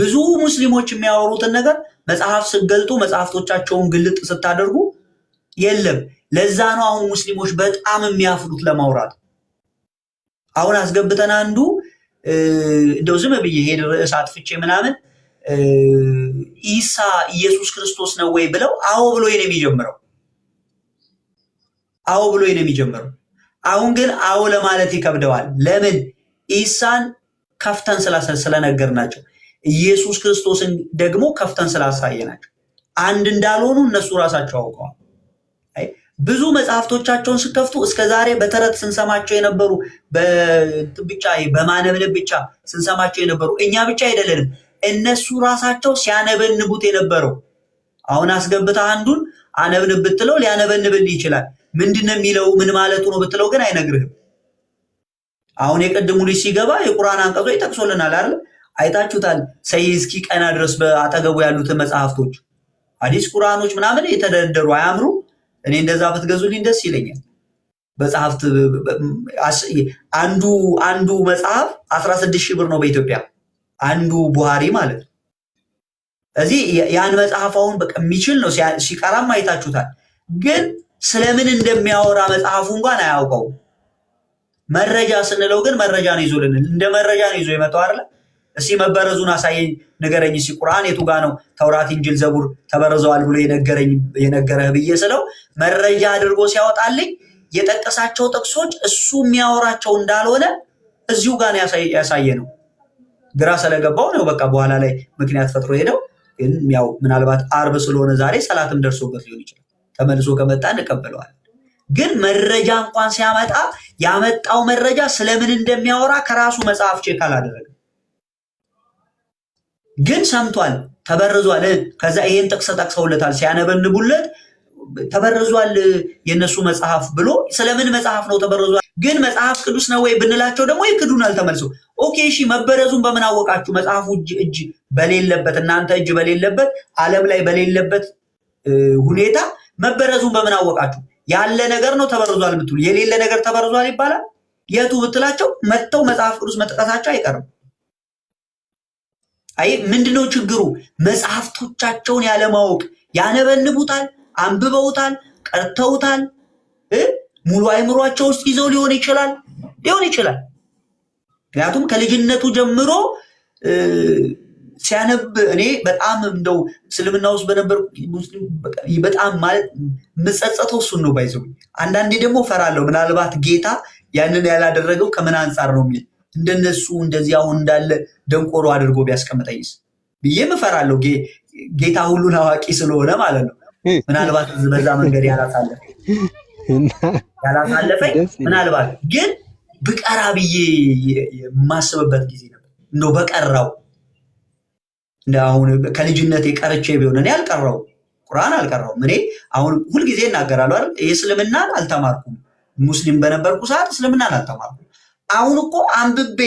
ብዙ ሙስሊሞች የሚያወሩትን ነገር መጽሐፍ ስገልጡ መጽሐፍቶቻቸውን ግልጥ ስታደርጉ የለም። ለዛ ነው አሁን ሙስሊሞች በጣም የሚያፍሩት ለማውራት። አሁን አስገብተን አንዱ እንደው ዝም ብዬ ሄድ ርዕስ አጥፍቼ ምናምን ኢሳ ኢየሱስ ክርስቶስ ነው ወይ ብለው አዎ ብሎ ነው የሚጀምረው። አዎ ብሎ ነው የሚጀምረው። አሁን ግን አዎ ለማለት ይከብደዋል። ለምን? ኢሳን ከፍተን ናቸው። ኢየሱስ ክርስቶስን ደግሞ ከፍተን ስላሳየ ናቸው። አንድ እንዳልሆኑ እነሱ ራሳቸው አውቀዋል። ብዙ መጽሐፍቶቻቸውን ስከፍቱ እስከ ዛሬ በተረት ስንሰማቸው የነበሩ ብቻ በማነብነብ ብቻ ስንሰማቸው የነበሩ እኛ ብቻ አይደለንም፣ እነሱ ራሳቸው ሲያነበንቡት የነበረው አሁን አስገብታ አንዱን አነብንብ ብትለው ሊያነበንብል ይችላል። ምንድን ነው የሚለው ምን ማለቱ ነው ብትለው ግን አይነግርህም። አሁን የቅድሙ ልጅ ሲገባ የቁርአን አንቀጾች ጠቅሶልናል አይደል? አይታችሁታል። ሰይ እስኪ ቀና ድረስ በአጠገቡ ያሉትን መጽሐፍቶች አዲስ ቁርአኖች ምናምን የተደረደሩ አያምሩ። እኔ እንደዛ ብትገዙልኝ ደስ ይለኛል። መጽሐፍት አንዱ አንዱ መጽሐፍ አስራ ስድስት ሺህ ብር ነው በኢትዮጵያ አንዱ ቡሃሪ ማለት ነው። እዚህ ያን መጽሐፍ አሁን በቃ የሚችል ነው ሲቀራም አይታችሁታል። ግን ስለምን እንደሚያወራ መጽሐፉ እንኳን አያውቀውም። መረጃ ስንለው ግን መረጃ ነው ይዞልን እንደ መረጃ ነው ይዞ የመጣው አይደለ እስቲ መበረዙን አሳየኝ ንገረኝ፣ እስቲ ቁርአን የቱ ጋ ነው ተውራት፣ እንጅል፣ ዘቡር ተበረዘዋል ብሎ የነገረኝ የነገረህ ብዬ ስለው መረጃ አድርጎ ሲያወጣልኝ የጠቀሳቸው ጥቅሶች እሱ የሚያወራቸው እንዳልሆነ እዚሁ ጋ ነው ያሳየ ነው። ግራ ስለገባው ነው በቃ በኋላ ላይ ምክንያት ፈጥሮ ሄደው። ግን ያው ምናልባት አርብ ስለሆነ ዛሬ ሰላትም ደርሶበት ሊሆን ይችላል። ተመልሶ ከመጣ እንቀበለዋል ግን መረጃ እንኳን ሲያመጣ ያመጣው መረጃ ስለምን እንደሚያወራ ከራሱ መጽሐፍ ቼክ አላደረገም። ግን ሰምቷል፣ ተበርዟል። ከዛ ይሄን ጥቅስ ጠቅሰውለታል ሲያነበንቡለት ተበርዟል የእነሱ መጽሐፍ ብሎ ስለምን መጽሐፍ ነው ተበርዟል? ግን መጽሐፍ ቅዱስ ነው ወይ ብንላቸው ደግሞ ይክዱናል ተመልሰው። ኦኬ እሺ፣ መበረዙን በምን አወቃችሁ? መጽሐፉ እጅ እጅ በሌለበት እናንተ እጅ በሌለበት ዓለም ላይ በሌለበት ሁኔታ መበረዙን በምን አወቃችሁ? ያለ ነገር ነው ተበርዟል ብትሉ የሌለ ነገር ተበርዟል ይባላል። የቱ ብትላቸው መጥተው መጽሐፍ ቅዱስ መጥቀሳቸው አይቀርም። አይ ምንድነው ችግሩ? መጽሐፍቶቻቸውን ያለማወቅ ያነበንቡታል፣ አንብበውታል፣ ቀርተውታል። ሙሉ አይምሯቸው ውስጥ ይዘው ሊሆን ይችላል ሊሆን ይችላል። ምክንያቱም ከልጅነቱ ጀምሮ ሲያነብ እኔ በጣም እንደው እስልምና ውስጥ በነበር በጣም ማለት እሱን ነው። ባይዘው አንዳንዴ ደግሞ ፈራለሁ፣ ምናልባት ጌታ ያንን ያላደረገው ከምን አንጻር ነው የሚል እንደነሱ እንደዚህ አሁን እንዳለ ደንቆሮ አድርጎ ቢያስቀምጠኝስ ብዬ ምፈራለሁ። ጌታ ሁሉን አዋቂ ስለሆነ ማለት ነው። ምናልባት በዛ መንገድ ያላሳለፈኝ ምናልባት ግን ብቀራ ብዬ የማስብበት ጊዜ ነበር። እንደው በቀራው እንደ አሁን ከልጅነት ቀርቼ ቢሆን እኔ አልቀራው ቁርአን አልቀራውም። እኔ አሁን ሁልጊዜ እናገራለሁ አይደል፣ እስልምናን አልተማርኩም። ሙስሊም በነበርኩ ሰዓት እስልምናን አልተማርኩም። አሁን እኮ አንብቤ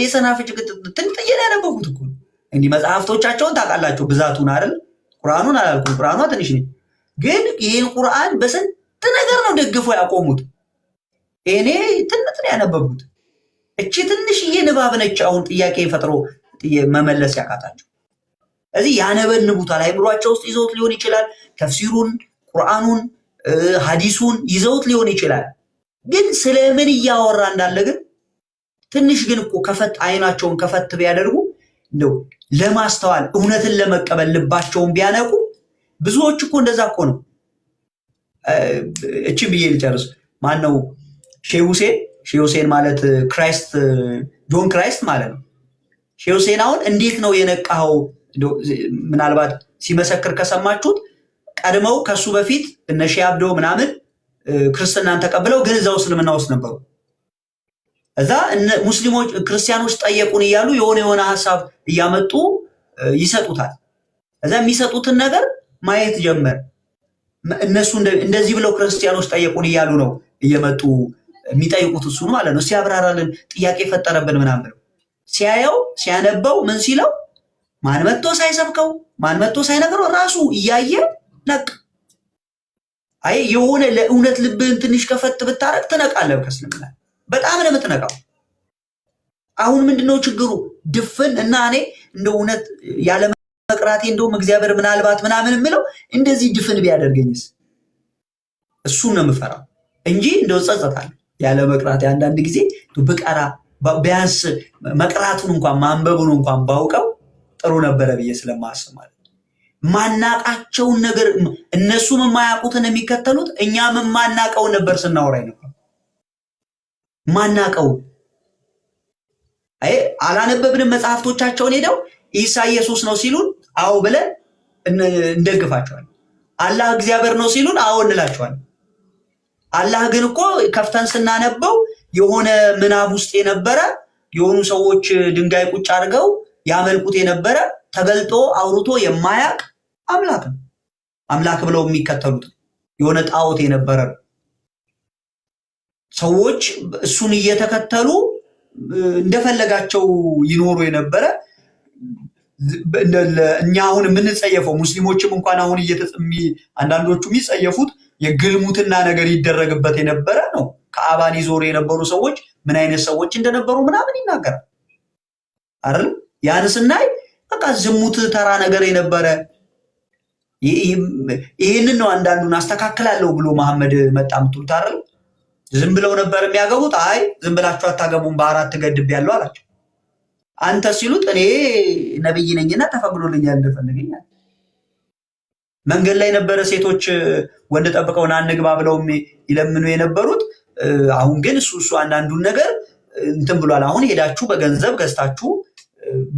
የሰናፍጭ ቅጥትን ጥየን ያነበብኩት እኮ እንዲህ መጽሐፍቶቻቸውን ታውቃላቸው ብዛቱን አይደል? ቁርአኑን አላልኩም። ቁርአኗ ትንሽ ነኝ፣ ግን ይህን ቁርአን በስንት ነገር ነው ደግፎ ያቆሙት። እኔ ትንት ነው ያነበብኩት። እቺ ትንሽዬ ንባብ ነች። አሁን ጥያቄ ፈጥሮ መመለስ ያቃታቸው እዚህ ያነበንቡታል። አይምሯቸው ውስጥ ይዘውት ሊሆን ይችላል። ተፍሲሩን፣ ቁርአኑን፣ ሀዲሱን ይዘውት ሊሆን ይችላል። ግን ስለምን እያወራ እንዳለ ግን ትንሽ ግን እኮ ከፈት አይናቸውን ከፈት ቢያደርጉ እንደው ለማስተዋል እውነትን ለመቀበል ልባቸውን ቢያነቁ ብዙዎች እኮ እንደዛ እኮ ነው። እችን ብዬ ልጨርስ። ማን ነው ሼህ ሁሴን? ሼህ ሁሴን ማለት ክራይስት ጆን ክራይስት ማለት ነው። ሼህ ሁሴን አሁን እንዴት ነው የነቃኸው? ምናልባት ሲመሰክር ከሰማችሁት ቀድመው ከሱ በፊት እነ ሼህ አብዶ ምናምን ክርስትናን ተቀብለው ግን እዛው እስልምና ውስጥ ነበሩ። እዛ ሙስሊሞች ክርስቲያኖች ጠየቁን እያሉ የሆነ የሆነ ሀሳብ እያመጡ ይሰጡታል። እዛ የሚሰጡትን ነገር ማየት ጀመር። እነሱ እንደዚህ ብለው ክርስቲያኖች ጠየቁን እያሉ ነው እየመጡ የሚጠይቁት እሱን ማለት ነው። ሲያብራራልን ጥያቄ ፈጠረብን ምናምን ነው ሲያየው ሲያነበው ምን ሲለው ማን መጥቶ ሳይሰብከው ማን መጥቶ ሳይነግረው ራሱ እያየ ለቅ አይ የሆነ ለእውነት ልብህን ትንሽ ከፈት ብታረቅ ትነቃለህ። ከእስልምና በጣም ነው የምትነቃው። አሁን ምንድነው ችግሩ? ድፍን እና እኔ እንደ እውነት ያለመቅራቴ እንደውም እግዚአብሔር ምናልባት ምናምን የምለው እንደዚህ ድፍን ቢያደርገኝስ እሱን ነው የምፈራው እንጂ እንደው ጸጸታል ያለመቅራቴ አንዳንድ ጊዜ ብቀራ ቢያንስ መቅራቱን እንኳን ማንበቡን እንኳን ባውቀው ጥሩ ነበረ ብዬ ስለማስብ ማለት ማናቃቸውን ነገር እነሱም የማያውቁትን የሚከተሉት እኛም ማናቀውን ነበር ስናወራ ነበር። ማናቀው አይ አላነበብንም መጽሐፍቶቻቸውን ሄደው ኢሳ ኢየሱስ ነው ሲሉን አዎ ብለን እንደግፋቸዋለን። አላህ እግዚአብሔር ነው ሲሉን አዎ እንላቸዋለን። አላህ ግን እኮ ከፍተን ስናነበው የሆነ ምናብ ውስጥ የነበረ የሆኑ ሰዎች ድንጋይ ቁጭ አድርገው ያመልኩት የነበረ ተበልጦ አውርቶ የማያቅ አምላክ ነው። አምላክ ብለው የሚከተሉት የሆነ ጣዖት የነበረ ነው። ሰዎች እሱን እየተከተሉ እንደፈለጋቸው ይኖሩ የነበረ እኛ አሁን የምንጸየፈው ሙስሊሞችም እንኳን አሁን አንዳንዶቹ የሚጸየፉት የግልሙትና ነገር ይደረግበት የነበረ ነው። ከአባን ይዞሩ የነበሩ ሰዎች ምን አይነት ሰዎች እንደነበሩ ምናምን ይናገራል አይደል? ያን ስናይ በቃ ዝሙት ተራ ነገር የነበረ ይህንን ነው። አንዳንዱን አስተካክላለሁ ብሎ መሐመድ መጣ ምትሉት አይደል? ዝም ብለው ነበር የሚያገቡት። አይ ዝም ብላችሁ አታገቡም፣ በአራት ገድብ ያለው አላቸው። አንተ ሲሉት እኔ ነብይ ነኝና ተፈቅዶልኛል እንደፈለገኝ መንገድ ላይ ነበረ ሴቶች ወንድ ጠብቀውን አንግባ ብለው ይለምኑ የነበሩት። አሁን ግን እሱ እሱ አንዳንዱን ነገር እንትን ብሏል። አሁን ሄዳችሁ በገንዘብ ገዝታችሁ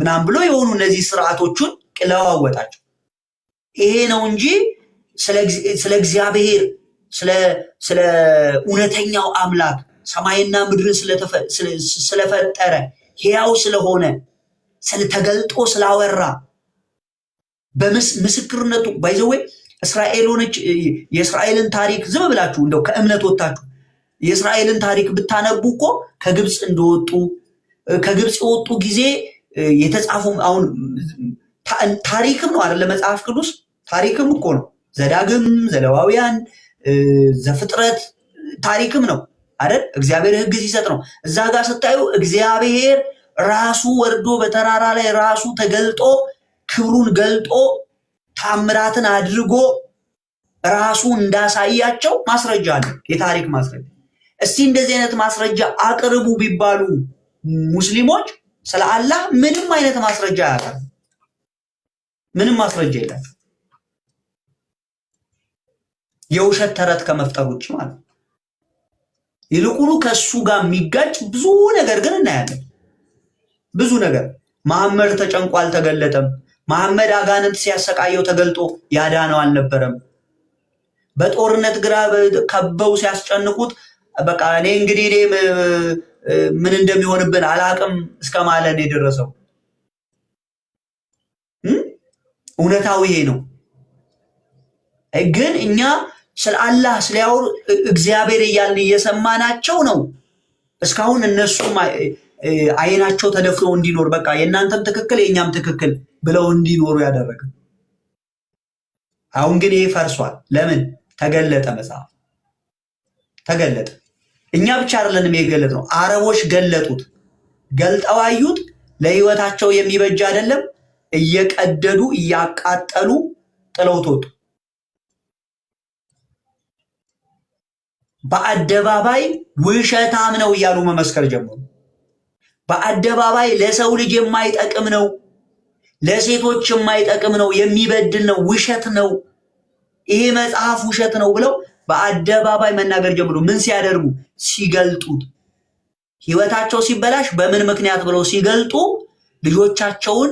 ምናምን ብሎ የሆኑ እነዚህ ስርዓቶቹን ለዋወጣቸው። ይሄ ነው እንጂ ስለ እግዚአብሔር ስለ እውነተኛው አምላክ ሰማይና ምድርን ስለፈጠረ ሕያው ስለሆነ ስለተገልጦ ስላወራ በምስክርነቱ ባይዘወይ እስራኤል ሆነች የእስራኤልን ታሪክ ዝም ብላችሁ እንደው ከእምነት ወጥታችሁ የእስራኤልን ታሪክ ብታነቡ እኮ ከግብፅ እንደወጡ ከግብፅ የወጡ ጊዜ የተጻፉ አሁን ታሪክም ነው አይደለ? መጽሐፍ ቅዱስ ታሪክም እኮ ነው። ዘዳግም፣ ዘለዋውያን፣ ዘፍጥረት ታሪክም ነው አይደል? እግዚአብሔር ሕግ ሲሰጥ ነው። እዛ ጋር ስታዩ እግዚአብሔር ራሱ ወርዶ በተራራ ላይ ራሱ ተገልጦ ክብሩን ገልጦ ታምራትን አድርጎ ራሱ እንዳሳያቸው ማስረጃ አለ፣ የታሪክ ማስረጃ። እስቲ እንደዚህ አይነት ማስረጃ አቅርቡ ቢባሉ ሙስሊሞች ስለ አላህ ምንም አይነት ማስረጃ አያቀርብም። ምንም ማስረጃ የለም። የውሸት ተረት ከመፍጠር ውጭ ማለት ነው። ይልቁኑ ከእሱ ጋር የሚጋጭ ብዙ ነገር ግን እናያለን። ብዙ ነገር መሐመድ ተጨንቆ አልተገለጠም። መሐመድ አጋንንት ሲያሰቃየው ተገልጦ ያዳነው አልነበረም። በጦርነት ግራ ከበው ሲያስጨንቁት በቃ እኔ እንግዲህ ምን እንደሚሆንብን አላቅም እስከ ማለን የደረሰው እውነታው ይሄ ነው። ግን እኛ ስለ አላህ ስለያወሩ እግዚአብሔር እያልን እየሰማናቸው ነው። እስካሁን እነሱም አይናቸው ተደፍኖ እንዲኖር በቃ የእናንተም ትክክል የእኛም ትክክል ብለው እንዲኖሩ ያደረገ። አሁን ግን ይሄ ፈርሷል። ለምን ተገለጠ? መጽሐፍ ተገለጠ። እኛ ብቻ አይደለንም የገለጥ ነው። አረቦች ገለጡት፣ ገልጠው አዩት። ለህይወታቸው የሚበጅ አይደለም። እየቀደዱ እያቃጠሉ ጥለውት ወጡ። በአደባባይ ውሸታም ነው እያሉ መመስከር ጀመሩ። በአደባባይ ለሰው ልጅ የማይጠቅም ነው፣ ለሴቶች የማይጠቅም ነው፣ የሚበድል ነው፣ ውሸት ነው፣ ይሄ መጽሐፍ ውሸት ነው ብለው በአደባባይ መናገር ጀምሩ። ምን ሲያደርጉ ሲገልጡት፣ ህይወታቸው ሲበላሽ በምን ምክንያት ብለው ሲገልጡ ልጆቻቸውን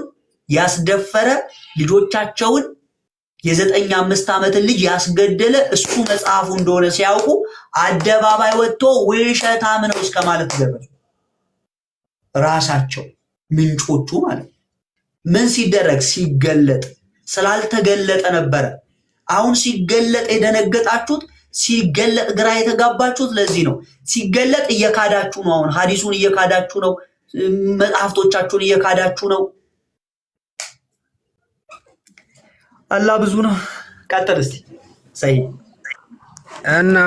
ያስደፈረ ልጆቻቸውን የዘጠኝ አምስት ዓመትን ልጅ ያስገደለ እሱ መጽሐፉ እንደሆነ ሲያውቁ አደባባይ ወጥቶ ውሸታም ነው እስከ ማለት ደረሱ። ራሳቸው ምንጮቹ ማለት ምን ሲደረግ ሲገለጥ ስላልተገለጠ ነበረ። አሁን ሲገለጥ የደነገጣችሁት ሲገለጥ ግራ የተጋባችሁት ለዚህ ነው። ሲገለጥ እየካዳችሁ ነው። አሁን ሀዲሱን እየካዳችሁ ነው። መጽሐፍቶቻችሁን እየካዳችሁ ነው። አላህ ብዙ ነው። ቀጥል እስኪ ሰይ እና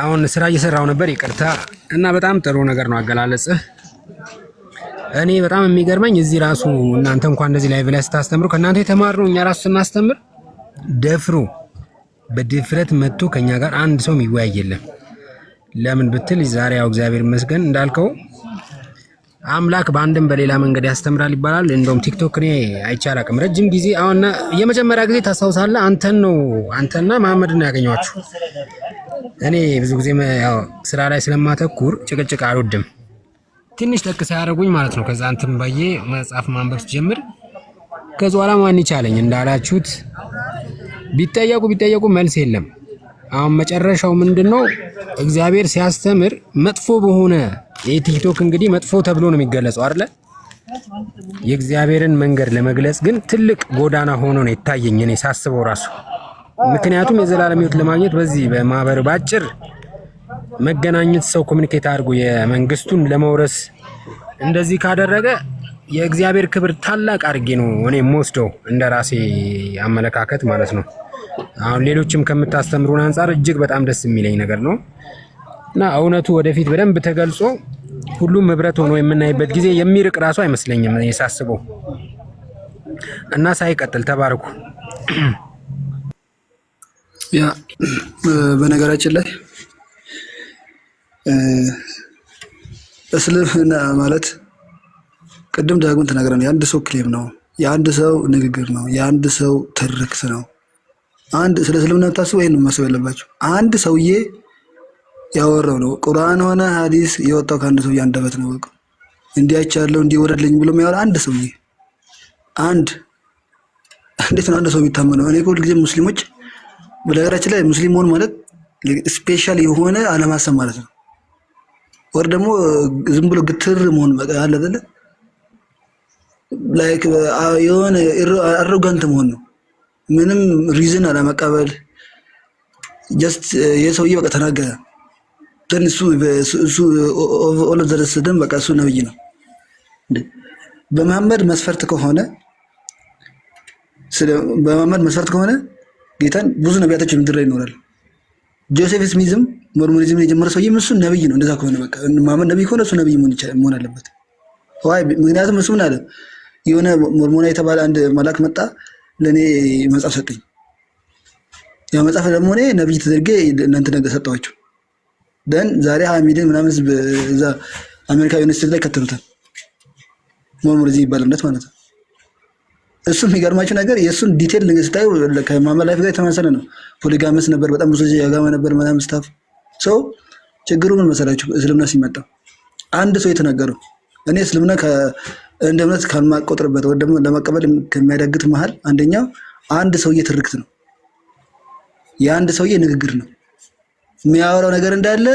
አሁን ስራ እየሰራው ነበር፣ ይቅርታ። እና በጣም ጥሩ ነገር ነው አገላለጽህ። እኔ በጣም የሚገርመኝ እዚህ ራሱ እናንተ እንኳን እንደዚህ ላይቭ ላይ ስታስተምሩ ከእናንተ የተማርነው እኛ ራሱ ስናስተምር ደፍሩ በድፍረት መጥቶ ከኛ ጋር አንድ ሰው የሚወያይ የለም። ለምን ብትል ዛሬ ያው እግዚአብሔር ይመስገን እንዳልከው አምላክ በአንድም በሌላ መንገድ ያስተምራል ይባላል። እንደውም ቲክቶክ እኔ አይቻላቅም ረጅም ጊዜ። አሁን የመጀመሪያ ጊዜ ታስታውሳለህ? አንተን ነው አንተና መሐመድን ያገኘኋችሁ። እኔ ብዙ ጊዜ ያው ስራ ላይ ስለማተኩር ጭቅጭቅ አልወድም። ትንሽ ጠቅ ሳያደርጉኝ ማለት ነው። ከዛ አንተም ባዬ መጽሐፍ ማንበብ ጀምር ከዚ ኋላ ማን ይቻለኝ እንዳላችሁት ቢጠየቁ ቢጠየቁ መልስ የለም። አሁን መጨረሻው ምንድን ነው? እግዚአብሔር ሲያስተምር መጥፎ በሆነ የቲክቶክ እንግዲህ መጥፎ ተብሎ ነው የሚገለጸው አይደለ? የእግዚአብሔርን መንገድ ለመግለጽ ግን ትልቅ ጎዳና ሆኖ ነው የታየኝ እኔ ሳስበው ራሱ። ምክንያቱም የዘላለም ሕይወት ለማግኘት በዚህ በማህበር ባጭር መገናኘት ሰው ኮሚኒኬት አድርጎ የመንግስቱን ለመውረስ እንደዚህ ካደረገ የእግዚአብሔር ክብር ታላቅ አድርጌ ነው እኔ የምወስደው እንደ ራሴ አመለካከት ማለት ነው። አሁን ሌሎችም ከምታስተምሩን አንጻር እጅግ በጣም ደስ የሚለኝ ነገር ነው እና እውነቱ ወደፊት በደንብ ተገልጾ ሁሉም ህብረት ሆኖ የምናይበት ጊዜ የሚርቅ ራሱ አይመስለኝም ሳስበው እና ሳይቀጥል ተባርኩ። ያ በነገራችን ላይ እስልምና ማለት ቅድም ዳግም ተናግረን የአንድ ሰው ክሌም ነው፣ የአንድ ሰው ንግግር ነው፣ የአንድ ሰው ትርክት ነው። አንድ ስለ እስልምና ብታስቡ ይህን ማሰብ ያለባቸው አንድ ሰውዬ ያወራው ነው። ቁርአን ሆነ ሀዲስ የወጣው ከአንድ ሰውዬ አንደበት ነው። በቃ እንዲያቻለው እንዲወረድልኝ ብሎ የሚያወራ አንድ ሰውዬ አንድ እንዴት ነው አንድ ሰው የሚታመነው? እኔ ሁል ጊዜ ሙስሊሞች በነገራችን ላይ ሙስሊም መሆን ማለት ስፔሻል የሆነ አለማሰብ ማለት ነው። ወር ደግሞ ዝም ብሎ ግትር መሆን አለ አይደለ ላይክ የሆነ አሮጋንት መሆን ነው። ምንም ሪዝን አለመቀበል ጀስት የሰውዬ በቃ ተናገረ ደን እሱ እሱ ኦል ደን በቃ እሱ ነብይ ነው። በመሐመድ መስፈርት ከሆነ በመሐመድ መስፈርት ከሆነ ጌታን ብዙ ነቢያቶች ምድር ላይ ይኖራል። ጆሴፍ ስሚዝም ሞርሞኒዝም የጀመረ ሰውዬም እሱ ነብይ ነው። እንደዛ ከሆነ በቃ መሐመድ ነብይ ከሆነ እሱ ነብይ መሆን አለበት። ዋይ ምክንያቱም እሱ ምን አለ የሆነ ሞርሞና የተባለ አንድ መልአክ መጣ ለእኔ መጽሐፍ ሰጠኝ። ያ መጽሐፍ ደግሞ እኔ ነብይ ተደርጌ እናንተ ነገር ሰጠኋቸው። ደን ዛሬ ሀሚድን ምናምን ህዝብ እዛ አሜሪካ ዩኒቨርሲቲ ላይ ከተሉታል። ሞርሞኒዝም የሚባል እምነት ማለት ነው። እሱ የሚገርማችሁ ነገር የእሱን ዲቴል ነገር ስታዩ ከማማ ላይፍ ጋር የተመሰለ ነው። ፖሊጋመስ ነበር፣ በጣም ብዙ ያጋማ ነበር ምናምን ስታፍ ሰው። ችግሩ ምን መሰላችሁ? እስልምና ሲመጣ አንድ ሰው የተናገረው እኔ እስልምና እንደ እምነት ከማቆጥርበት ወይ ደግሞ ለመቀበል ከሚያዳግት መሀል አንደኛው አንድ ሰውዬ ትርክት ነው። የአንድ ሰውዬ ንግግር ነው። የሚያወራው ነገር እንዳለ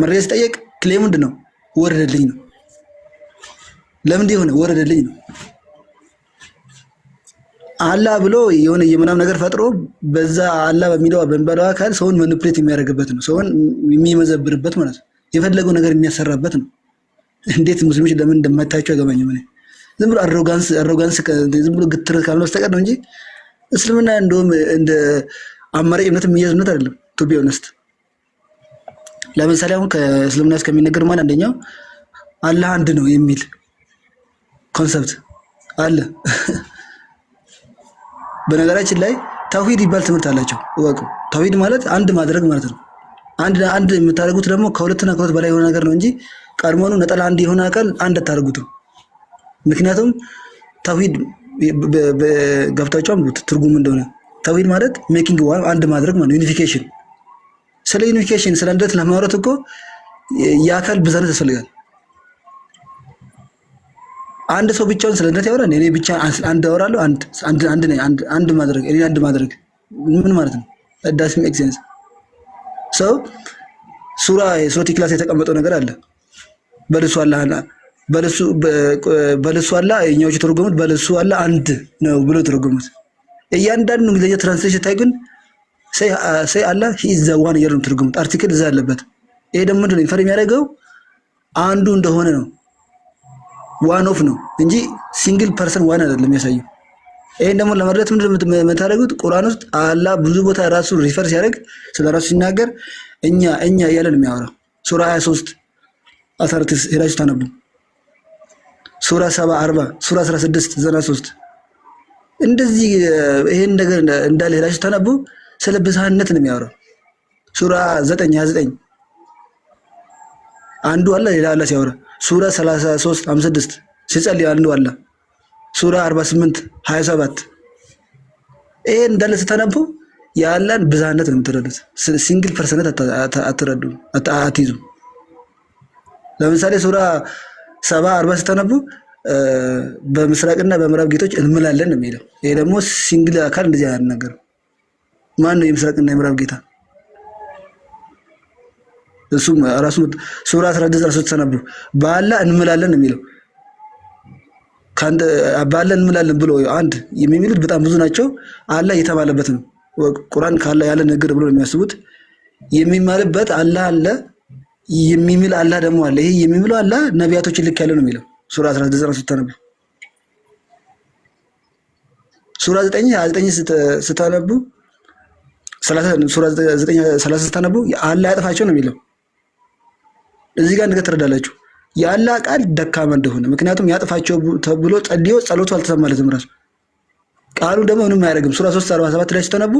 መረጃ ሲጠየቅ ክሌም ምንድን ነው? ወረደልኝ ነው። ለምንድ የሆነ ወረደልኝ ነው። አላ ብሎ የሆነ የምናም ነገር ፈጥሮ በዛ አላ በሚለው በሚባለው አካል ሰውን መንፕሌት የሚያደርግበት ነው። ሰውን የሚመዘብርበት ማለት ነው። የፈለገው ነገር የሚያሰራበት ነው። እንዴት ሙስሊሞች ለምን እንደማይታቸው አይገባኝም። እኔ ዝም ብሎ አሮጋንስ አሮጋንስ ዝም ብሎ ግትር ካልሆነ በስተቀር ነው እንጂ እስልምና እንደውም እንደ አማራጭ እምነት የሚያዝ እምነት አይደለም። ቱቢ ኦነስት ለምሳሌ አሁን ከእስልምና እስከሚነገር ማለት አንደኛው አላህ አንድ ነው የሚል ኮንሰፕት አለ። በነገራችን ላይ ተውሂድ ይባል ትምህርት አላቸው። እወቁ። ተውሂድ ማለት አንድ ማድረግ ማለት ነው። አንድ አንድ የምታደርጉት ደግሞ ከሁለትና ከሁለት በላይ የሆነ ነገር ነው እንጂ ቀድሞኑ ነጠላ አንድ የሆነ አካል አንድ አታደርጉትም። ምክንያቱም ተውሂድ ገብታቸው ትርጉም እንደሆነ ተውሂድ ማለት ሜኪንግ ዋን አንድ ማድረግ ማለት ዩኒፊኬሽን። ስለ ዩኒፊኬሽን ስለ አንድነት ለማውራት እኮ የአካል ብዛነት ያስፈልጋል። አንድ ሰው ብቻውን ስለ አንድነት ያወራል። እኔ ብቻ አንድ አወራለሁ፣ አንድ አንድ አንድ አንድ ማድረግ እኔ አንድ ማድረግ ምን ማለት ነው? ዳስ ሜክ ሴንስ። ሰው ሱራ ሱረት ኢክላስ የተቀመጠው ነገር አለ በልሱ አላህና በልሱ በልሱ አላህ የኛዎች የተረጎሙት በልሱ አላህ አንድ ነው ብሎ የተረጎሙት። እያንዳንዱ እንግሊዝኛ ትራንስሌሽን ታይ ግን ሰይ አላ ሂ ዋን እያሉ ነው የተረጎሙት። አርቲክል እዛ አለበት። ይሄ ደግሞ ምንድን ነው ኢንፈር የሚያደርገው አንዱ እንደሆነ ነው። ዋን ኦፍ ነው እንጂ ሲንግል ፐርሰን ዋን አይደለም የሚያሳየው። ይሄን ደግሞ ለመረዳት ምንድን ነው የምታደርጉት? ቁርአን ውስጥ አላ ብዙ ቦታ ራሱ ሪፈር ሲያደርግ ስለ ራሱ ሲናገር እኛ እኛ እያለ ነው የሚያወራው ሱራ 23 አሳርት ሄዳችሁ ታነቡ። ሱራ 7 40 ሱራ 16 93 እንደዚህ ይሄን ነገር እንዳለ ሄዳችሁ ታነቡ። ስለ ብዝሃነት ነው የሚያወራው። ሱራ 9 29 አንዱ አለ ሌላ አለ ሲያወራ። ሱራ 33 56 ሲጸልይ አንዱ አለ። ሱራ 48 27 ይሄ እንዳለ ስታነቡ የአላህን ብዝሃነት ነው የምትረዱት። ሲንግል ፐርሰነት አትረዱ አትይዙ። ለምሳሌ ሱራ ሰባ አርባ ስተነቡ በምስራቅና በምዕራብ ጌቶች እንምላለን ነው የሚለው። ይሄ ደግሞ ሲንግል አካል እንደዚህ አይነት ነገር ማን ነው የምስራቅና የምዕራብ ጌታ? እሱም ራሱ ሱራ 16 ተነቡ በአላህ እንምላለን ነው የሚለው። በአላህ እንምላለን ብሎ አንድ የሚሚሉት በጣም ብዙ ናቸው። አላ እየተባለበት ነው ቁርአን ካላ ያለ ነገር ብሎ የሚያስቡት የሚማልበት አላህ አለ የሚምል አላ ደግሞ አለ። ይሄ የሚምለው አላ ነቢያቶችን ልክ ያለ ነው የሚለው ሱራ 19 ስታነቡ ሱራ 9 29 ስታነቡ ሱራ 9 ያጥፋቸው ነው የሚለው። እዚህ ጋር ነገር ትረዳላችሁ የአላ ቃል ደካማ እንደሆነ ምክንያቱም ያጥፋቸው ተብሎ ጸልዮ ጸሎቱ አልተሰማለትም ራሱ ቃሉ ደግሞ ምንም አያደርግም። ሱራ 3 47 ላይ ስተነቡ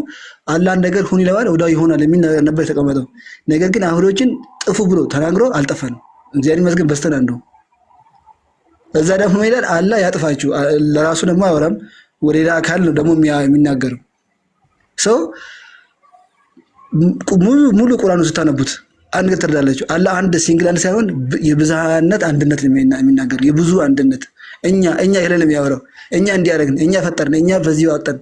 አላህ ነገር ሁን ይለዋል ወዲያው ይሆናል የሚል ነገር ነበር የተቀመጠው። ነገር ግን አይሁዶችን ጥፉ ብሎ ተናግሮ አልጠፋን፣ እግዚአብሔር ይመስገን በስተና እንደው እዛ ደግሞ ይላል አላህ ያጥፋችሁ። ለራሱ ደግሞ አይወራም፣ ወደ ሌላ አካል ነው ደግሞ የሚናገረው ሰው ሙሉ ቁርአኑ ስታነቡት አንድ ትረዳላችሁ። አላህ አንድ ሲንግል አንድ ሳይሆን የብዝሃነት አንድነት የሚናገር የብዙ አንድነት። እኛ እኛ ይሄ የሚያወራው። እኛ እንዲያደረግን እኛ ፈጠርን፣ እኛ በዚህ አወጣን፣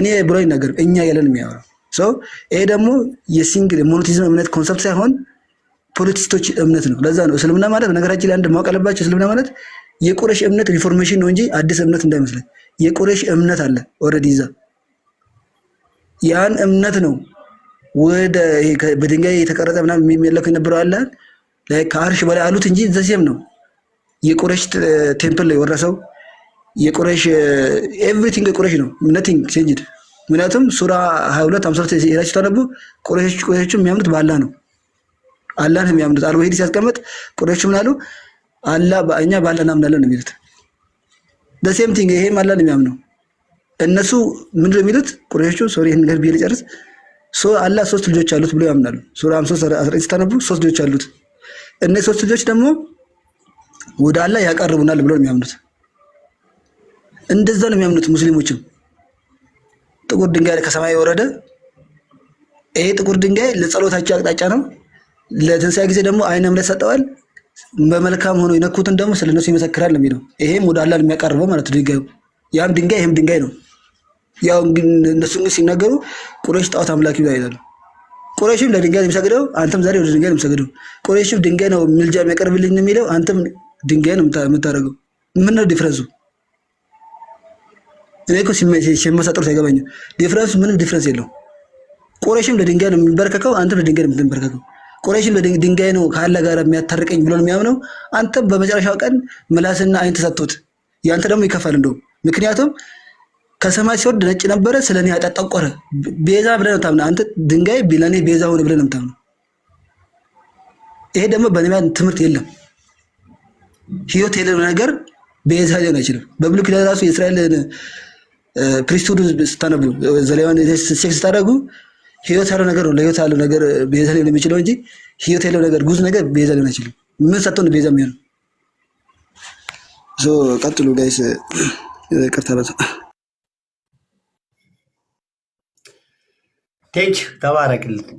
እኔ ብሎ ይናገር እኛ ይሄ የሚያወራው። ሶ ይሄ ደግሞ የሲንግል የሞኖቲዝም እምነት ኮንሰፕት ሳይሆን ፖለቲስቶች እምነት ነው። ለዛ ነው እስልምና ማለት በነገራችን ላይ አንድ ማወቅ አለባቸው። እስልምና ማለት የቁረሽ እምነት ሪፎርሜሽን ነው እንጂ አዲስ እምነት እንዳይመስለን። የቁረሽ እምነት አለ ኦልሬዲ እዛ ያን እምነት ነው ወደ በድንጋይ የተቀረጸ ምናምን የሚመለኩ የነበረው አለ ከአርሽ በላይ አሉት እንጂ ዘሴም ነው። የቁረሽ ቴምፕል የወረሰው የቁረሽ ኤቭሪቲንግ የቁረሽ ነው። ነቲንግ ሴንጅድ ምክንያቱም ሱራ 22 52 ሄዳችሁ ታነቡ። ቁረሽ ቁረሾቹ የሚያምኑት በአላ ነው። አላን የሚያምኑት አልወሂድ ሲያስቀምጥ ቁረሾቹ ምን አሉ? አላህ እኛ በአላህ እናምናለን ነው የሚሉት። ዘሴም ቲንግ ይሄም አላን የሚያምነው እነሱ ምንድ የሚሉት? ቁረሾቹ ሶሪ ይህን ነገር ብዬ ልጨርስ አላህ ሶስት ልጆች አሉት ብሎ ያምናሉ። ሱራ 53 ስታነቡ ሶስት ልጆች አሉት። እነዚህ ሶስት ልጆች ደግሞ ወደ አላህ ያቀርቡናል ብሎ የሚያምኑት። እንደዛ ነው የሚያምኑት ሙስሊሞችም። ጥቁር ድንጋይ ከሰማይ የወረደ ይሄ ጥቁር ድንጋይ ለጸሎታቸው አቅጣጫ ነው። ለትንሳኤ ጊዜ ደግሞ አይነ ምለት ሰጠዋል። በመልካም ሆኖ የነኩትን ደግሞ ስለነሱ ይመሰክራል ነው የሚለው። ይሄም ወደ አላህ የሚያቀርበው ማለት ድንጋዩ ያም ድንጋይ ይህም ድንጋይ ነው። ያው እነሱ ግን ሲናገሩ ቁረሽ ጣዖት አምላክ ይሁዳ ይላሉ። ቁረሽም ለድንጋይ የሚሰግደው አንተም ዛሬ ወደ ድንጋይ የሚሰግደው ቁረሽም ድንጋይ ነው ምልጃ የሚያቀርብልኝ የሚለው አንተም ድንጋይ ነው የምታደርገው። ምን ነው ዲፍረንሱ? እኔ እኮ ሲመሳጠሩት ሳይገባኝ ዲፍረንሱ ምንም ዲፍረንስ የለው። ቁረሽም ለድንጋይ ነው የሚበረከከው፣ አንተም ለድንጋይ ነው የምትበረከከው። ቁረሽም ለድንጋይ ነው ከአላህ ጋር የሚያታርቀኝ ብሎ የሚያምነው፣ አንተም በመጨረሻው ቀን ምላስና አይን ተሰጥቶት፣ ያንተ ደግሞ ይከፋል እንደውም ምክንያቱም ከሰማይ ሲወርድ ነጭ ነበረ፣ ስለ እኔ ኃጢአት ጠቆረ። ቤዛ ብለህ ነው ታምነህ አንተ ድንጋይ ለእኔ ቤዛ ሆነ ብለህ ነው ታምነህ። ይሄ ደግሞ በነቢያት ትምህርት የለም። ህይወት የሌለው ነገር ቤዛ ሊሆን አይችልም። በብሉይ ኪዳን ራሱ የእስራኤልን ፕሪስቱድ ስታነቡ ዘሌዋውያን ቼክ ስታደርጉ ህይወት ያለው ነገር ነው። ለህይወት ያለው ነገር ቤዛ ሊሆን የሚችለው እንጂ ህይወት የለው ነገር ጉዝ ነገር ቤዛ ሊሆን አይችልም። ምን ሰጥቶ ነው ቤዛ የሚሆነው? ቀጥሉ ጋይስ፣ ይቅርታ ሄጅ ተባረክልን።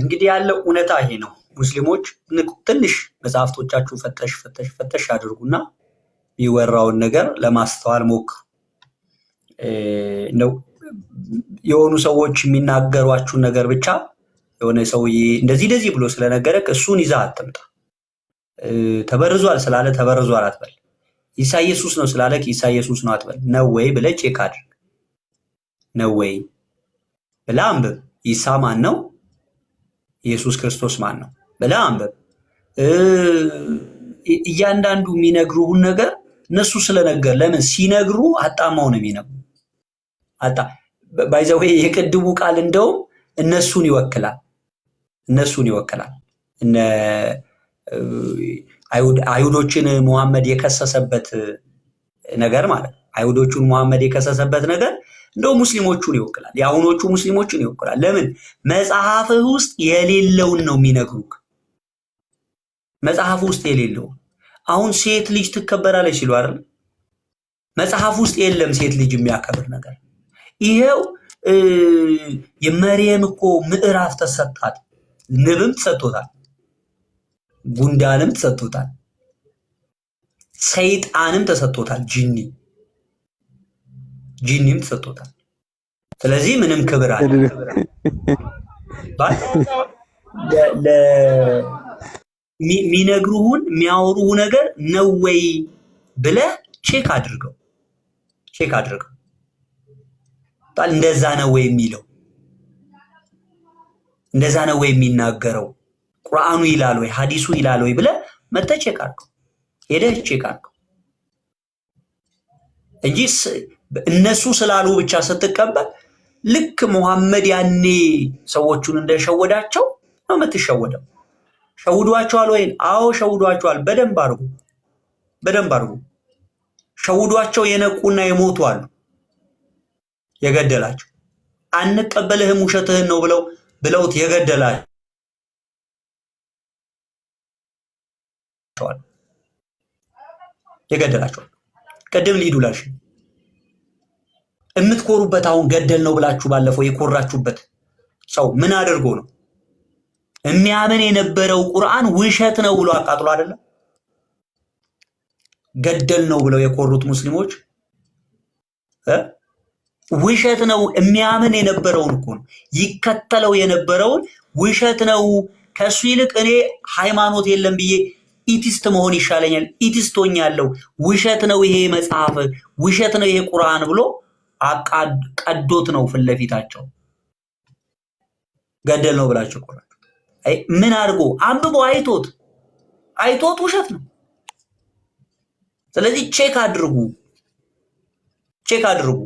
እንግዲህ ያለው እውነታ ይሄ ነው። ሙስሊሞች ትንሽ መጽሐፍቶቻችሁ ፈተሽ ፈተሽ ፈተሽ አድርጉና የሚወራውን ነገር ለማስተዋል ሞክሩ። የሆኑ ሰዎች የሚናገሯችሁን ነገር ብቻ የሆነ ሰውዬ እንደዚህ እንደዚህ ብሎ ስለነገረ እሱን ይዛ አትምጣ። ተበርዟል ስላለ ተበርዟል አትበል። ኢሳ ኢየሱስ ነው ስላለ ኢሳ ኢየሱስ ነው አትበል። ነው ወይ ብለህ ቼክ አድርግ። ነው ወይ ብለህ አንብብ። ማን ነው? ኢየሱስ ክርስቶስ ማን ነው ብለህ አንብብ። እያንዳንዱ የሚነግሩህን ነገር እነሱ ስለነገር ለምን ሲነግሩ አጣማው ነው የሚነግሩ አጣ ባይዘዌ የቅድቡ ቃል እንደውም እነሱን ይወክላል እነሱን ይወክላል። እነ አይሁዶችን መሐመድ የከሰሰበት ነገር ማለት አይሁዶቹን መሐመድ የከሰሰበት ነገር እንደው ሙስሊሞቹን ይወክላል። የአሁኖቹ ሙስሊሞችን ይወክላል። ለምን መጽሐፍህ ውስጥ የሌለውን ነው የሚነግሩክ። መጽሐፍ ውስጥ የሌለውን አሁን ሴት ልጅ ትከበራለች ሲሉ አይደል? መጽሐፍ ውስጥ የለም ሴት ልጅ የሚያከብር ነገር። ይሄው የመርየም እኮ ምዕራፍ ተሰጣት። ንብም ተሰጥቶታል፣ ጉንዳንም ተሰጥቶታል፣ ሰይጣንም ተሰጥቶታል ጅኒ ጂኒም ተሰጥቶታል። ስለዚህ ምንም ክብር አለ የሚነግሩህን የሚያወሩህ ነገር ነው ወይ ብለህ ቼክ አድርገው ቼክ አድርገው። እንደዛ ነው ወይ የሚለው እንደዛ ነው ወይ የሚናገረው ቁርአኑ ይላል ወይ ሀዲሱ ይላል ወይ ብለህ መተህ ቼክ አድርገው ሄደህ ቼክ አድርገው እንጂ እነሱ ስላሉ ብቻ ስትቀበል ልክ መሐመድ ያኔ ሰዎቹን እንደሸወዳቸው ነው የምትሸወደው። ሸውዷቸዋል ወይን? አዎ ሸውዷቸዋል። በደንብ አድርጉ፣ በደንብ አድርጉ። ሸውዷቸው የነቁና የሞቱ አሉ። የገደላቸው አንቀበልህም ውሸትህን ነው ብለው ብለውት የገደላቸዋል የገደላቸዋል። ቅድም ሊዱ ላልሽ የምትኮሩበት አሁን ገደል ነው ብላችሁ ባለፈው የኮራችሁበት ሰው ምን አድርጎ ነው የሚያምን የነበረው ቁርአን ውሸት ነው ብሎ አቃጥሎ አይደለም? ገደል ነው ብለው የኮሩት ሙስሊሞች ውሸት ነው የሚያምን የነበረውን እኮ ነው ይከተለው የነበረውን ውሸት ነው። ከሱ ይልቅ እኔ ሃይማኖት የለም ብዬ ኢቲስት መሆን ይሻለኛል፣ ኢቲስት ውሸት ነው ይሄ መጽሐፍ፣ ውሸት ነው ይሄ ቁርአን ብሎ ቀዶት ነው ፊት ለፊታቸው ገደል ነው ብላችሁ እኮ ምን አድርጎ አንብቦ አይቶት አይቶት ውሸት ነው። ስለዚህ ቼክ አድርጉ፣ ቼክ አድርጉ፣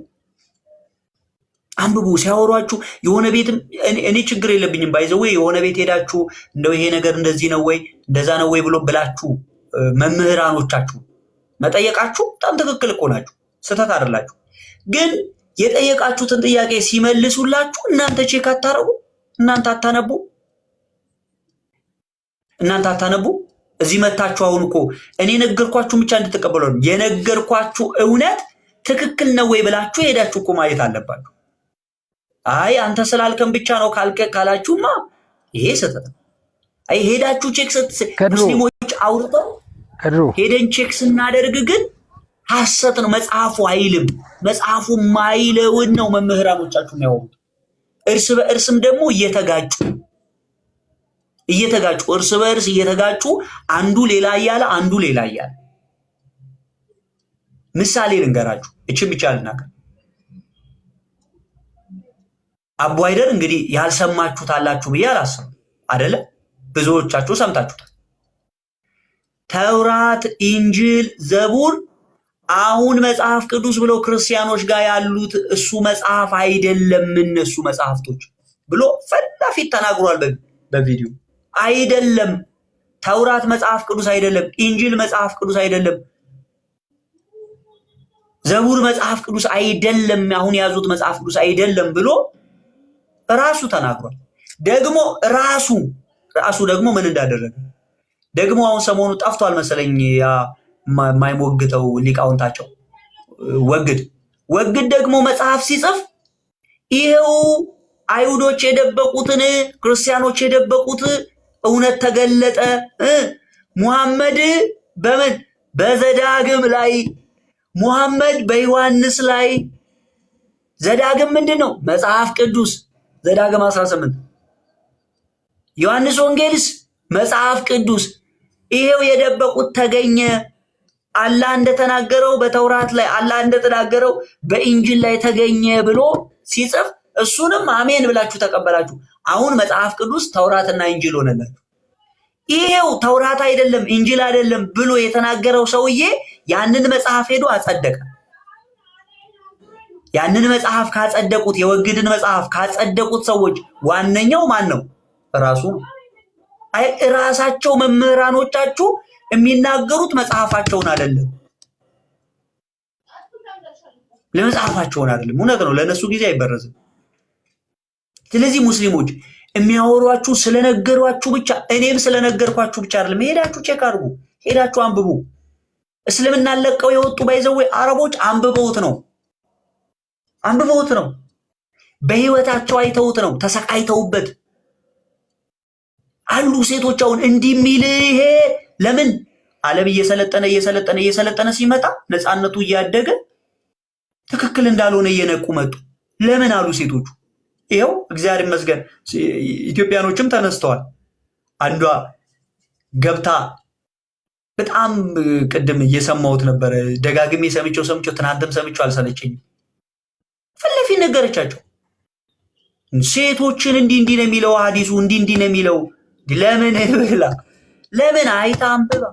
አንብቡ። ሲያወሯችሁ የሆነ ቤትም እኔ ችግር የለብኝም ባይዘዌ የሆነ ቤት ሄዳችሁ እንደው ይሄ ነገር እንደዚህ ነው ወይ እንደዛ ነው ወይ ብሎ ብላችሁ መምህራኖቻችሁ መጠየቃችሁ በጣም ትክክል እኮ ናችሁ። ስህተት አይደላችሁ። ግን የጠየቃችሁትን ጥያቄ ሲመልሱላችሁ እናንተ ቼክ አታረጉ፣ እናንተ አታነቡ፣ እናንተ አታነቡ። እዚህ መታችሁ አሁን እኮ እኔ ነገርኳችሁን ብቻ እንድትቀበሉ ነው የነገርኳችሁ። እውነት ትክክል ነው ወይ ብላችሁ ሄዳችሁ እኮ ማየት አለባችሁ። አይ አንተ ስላልከን ብቻ ነው ካላችሁማ ይሄ ስህተት ነው። አይ ሄዳችሁ ቼክ ሙስሊሞች አውርተው ሄደን ቼክ ስናደርግ ግን ሐሰት ነው መጽሐፉ አይልም። መጽሐፉ ማይለውን ነው መምህራኖቻችሁ የሚያወሩት። እርስ በእርስም ደግሞ እየተጋጩ እየተጋጩ እርስ በእርስ እየተጋጩ አንዱ ሌላ እያለ አንዱ ሌላ እያለ ምሳሌ ልንገራችሁ። እችም ብቻ ልናገር። አቡ አይደር እንግዲህ ያልሰማችሁት አላችሁ ብዬ አላስብም። አደለ? ብዙዎቻችሁ ሰምታችሁታል። ተውራት፣ ኢንጅል፣ ዘቡር አሁን መጽሐፍ ቅዱስ ብለው ክርስቲያኖች ጋር ያሉት እሱ መጽሐፍ አይደለም፣ እነሱ መጽሐፍቶች ብሎ ፊትለፊት ተናግሯል። በቪዲዮ አይደለም፣ ተውራት መጽሐፍ ቅዱስ አይደለም፣ ኢንጂል መጽሐፍ ቅዱስ አይደለም፣ ዘቡር መጽሐፍ ቅዱስ አይደለም፣ አሁን የያዙት መጽሐፍ ቅዱስ አይደለም ብሎ ራሱ ተናግሯል። ደግሞ ራሱ ራሱ ደግሞ ምን እንዳደረገ ደግሞ አሁን ሰሞኑ ጠፍቷል መሰለኝ ያ የማይሞግተው ሊቃውንታቸው ወግድ ወግድ ደግሞ መጽሐፍ ሲጽፍ ይሄው አይሁዶች የደበቁትን ክርስቲያኖች የደበቁት እውነት ተገለጠ። ሙሐመድ በምን በዘዳግም ላይ ሙሐመድ በዮሐንስ ላይ ዘዳግም ምንድን ነው? መጽሐፍ ቅዱስ ዘዳግም 18 ዮሐንስ ወንጌልስ መጽሐፍ ቅዱስ ይሄው የደበቁት ተገኘ። አላህ እንደተናገረው በተውራት ላይ አላህ እንደተናገረው በኢንጅል ላይ ተገኘ ብሎ ሲጽፍ እሱንም አሜን ብላችሁ ተቀበላችሁ። አሁን መጽሐፍ ቅዱስ ተውራትና ኢንጅል ሆነላችሁ። ይሄው ተውራት አይደለም ኢንጅል አይደለም ብሎ የተናገረው ሰውዬ ያንን መጽሐፍ ሄዶ አጸደቀ። ያንን መጽሐፍ ካጸደቁት የወግድን መጽሐፍ ካጸደቁት ሰዎች ዋነኛው ማን ነው? ራሱ ነው። ራሳቸው መምህራኖቻችሁ የሚናገሩት መጽሐፋቸውን አይደለም፣ ለመጽሐፋቸውን አይደለም። እውነት ነው፣ ለእነሱ ጊዜ አይበረዝም። ስለዚህ ሙስሊሞች የሚያወሯችሁ ስለነገሯችሁ ብቻ እኔም ስለነገርኳችሁ ብቻ አይደለም። ሄዳችሁ ቼክ አድርጉ፣ ሄዳችሁ አንብቡ። እስልምና ለቀው የወጡ ባይዘው አረቦች አንብበውት ነው አንብበውት ነው በህይወታቸው አይተውት ነው ተሰቃይተውበት አሉ። ሴቶች አሁን እንዲህ የሚል ይሄ ለምን ዓለም እየሰለጠነ እየሰለጠነ እየሰለጠነ ሲመጣ ነፃነቱ እያደገ ትክክል እንዳልሆነ እየነቁ መጡ። ለምን አሉ ሴቶቹ። ይኸው እግዚአብሔር ይመስገን ኢትዮጵያኖችም ተነስተዋል። አንዷ ገብታ በጣም ቅድም እየሰማሁት ነበረ፣ ደጋግሜ ሰምቼው ሰምቼው ትናንትም ሰምቼው አልሰለቸኝም። ፍለፊ ነገረቻቸው። ሴቶችን እንዲህ እንዲህ ነው የሚለው ሐዲሱ እንዲህ እንዲህ ነው የሚለው ለምን ብላ ለምን አይታ አንብባ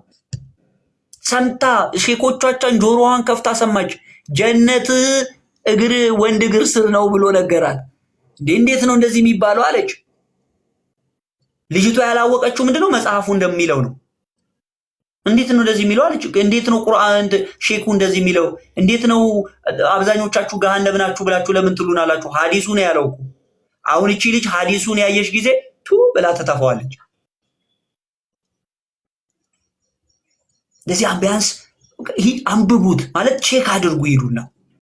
ሰምታ ሼኮቻቸን ጆሮዋን ከፍታ ሰማች። ጀነት እግር ወንድ እግር ስር ነው ብሎ ነገራት። እንዴት ነው እንደዚህ የሚባለው አለች። ልጅቷ ያላወቀችው ምንድነው መጽሐፉ እንደሚለው ነው። እንዴት ነው እንደዚህ የሚለው አለች። እንዴት ነው ቁርአን ሼኩ እንደዚህ የሚለው እንዴት ነው? አብዛኞቻችሁ ገሃነም ናችሁ ብላችሁ ለምን ትሉን አላችሁ? ሀዲሱ ነው ያለው። አሁን እቺ ልጅ ሀዲሱን ያየሽ ጊዜ ቱ ብላ ተተፈዋለች። እንደዚህ ቢያንስ አንብቡት ማለት ቼክ አድርጉ ይሉና